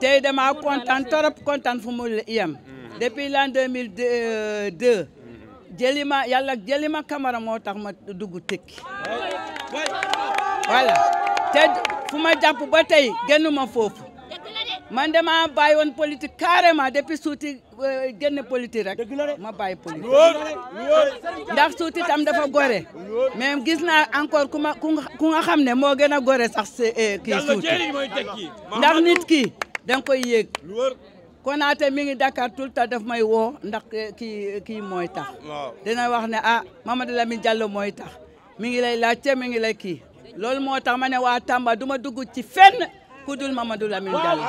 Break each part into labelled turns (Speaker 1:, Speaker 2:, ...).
Speaker 1: tey damaa kontaan trop kontaan fu mu yem mm. depuis l'an 2002 mm-hmm. jëlima yàlla jëlima kamara moo tax ma dugg Tekki voilà te fu ma jàpp ba tey génnuma foofu man dama bàyyi woon politique carrément depuis suuti euh, génn politique rek ma bàyyi politique ndax suuti tam dafa gore mais gis naa encore ku ma ku nga xam ne moo gën a gore sax euh, kii
Speaker 2: suuti
Speaker 1: ndax nit ki dang koy yegg lu wër konaate mi ngi Dakar tout ta def may wo ndax ki ki moy tax dina wax ne ah Mamadou Lamine Diallo moy tax mi ngi lay laajte mi ngi lay ki lol motax mané wa Tamba du dugg ci fenn kudul Mamadou Lamine Diallo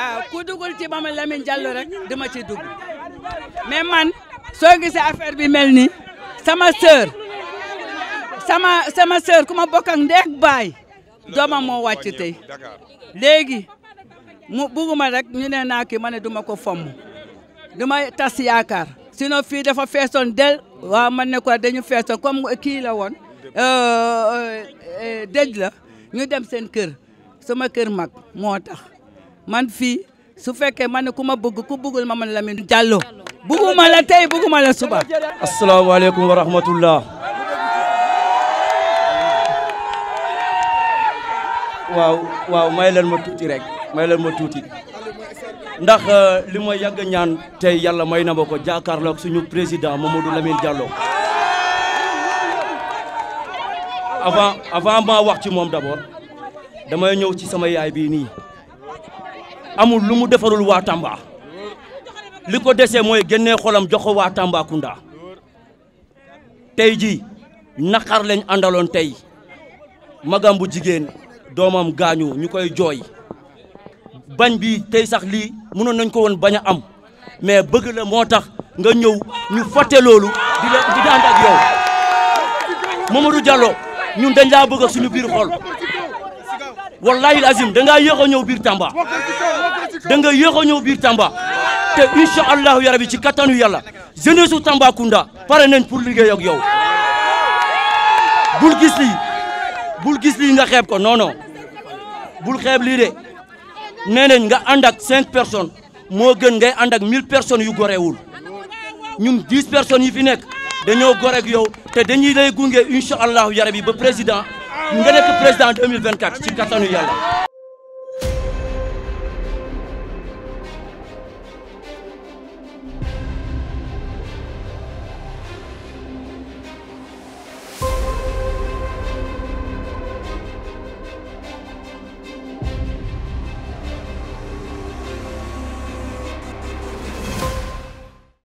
Speaker 1: ah ku duggul ci Mamadou Lamine Diallo rek duma ci dugg mais man soo gisee affaire bi melni ni sama sœur sama sama sœur kuma bokk ak ndeeg doomam moo wàcc tey léegi mu bugguma rek ñu ne naa kii ma ne duma ko fomm duma tas yaakaar sinon fii dafa feesoon del waaw man ne ko dañu feesoon comme kii la woon euh, euh, euh, dëj la ñu dem seen kër sama kër mag moo tax man fii su fekkee ma ne ku ma bëgg ku bëggul ma man Lamine Diallo bëgguma la tey bëgguma la suba asalaamaaleykum wa rahmatullah
Speaker 2: waaw waaw may leen ma tuuti rek may leen ma tuuti ndax euh, li ma yàgg ñaan tey yàlla may na ma ko jàkkaarloog suñu président Mamadou Lamine Diallo avant avant ma wax ci moom d'abord damay ñëw ci sama yaay bii nii amul lu mu defarul waa Tamba li ko desee mooy génnee xolam joxo ko Tamba Tambacounda tey ji naqar lañ àndaloon tey magam bu jigéen doomam gaañu ñu koy jooy bañ bi tey sax lii mënoon nañ ko woon bañ a am mais bëgg la moo tax nga ñëw ñu fàtte loolu di la di ànd ak yow Mamadou Diallo ñun dañ laa bëgg suñu biir xol wallahi azim da ngaa yéex a ñëw biir Tamba danga nga yéex a ñëw biir Tamba te incha allahu ya ci kattanu yàlla jeunesse su Tambacounda pare nañ pour liggéey ak yow bul gis bul gis lii nga xeeb ko non non bul xeeb lii de nee nga ànd ak cinq personnes moo gën ngay ànd ak mille personnes yu gorewul ñun dix personnes yi fi nekk dañoo gore ak yow te dañuy lay gunge incha allahu yi ba président nga nekk président 2024 ci kattanu yàlla.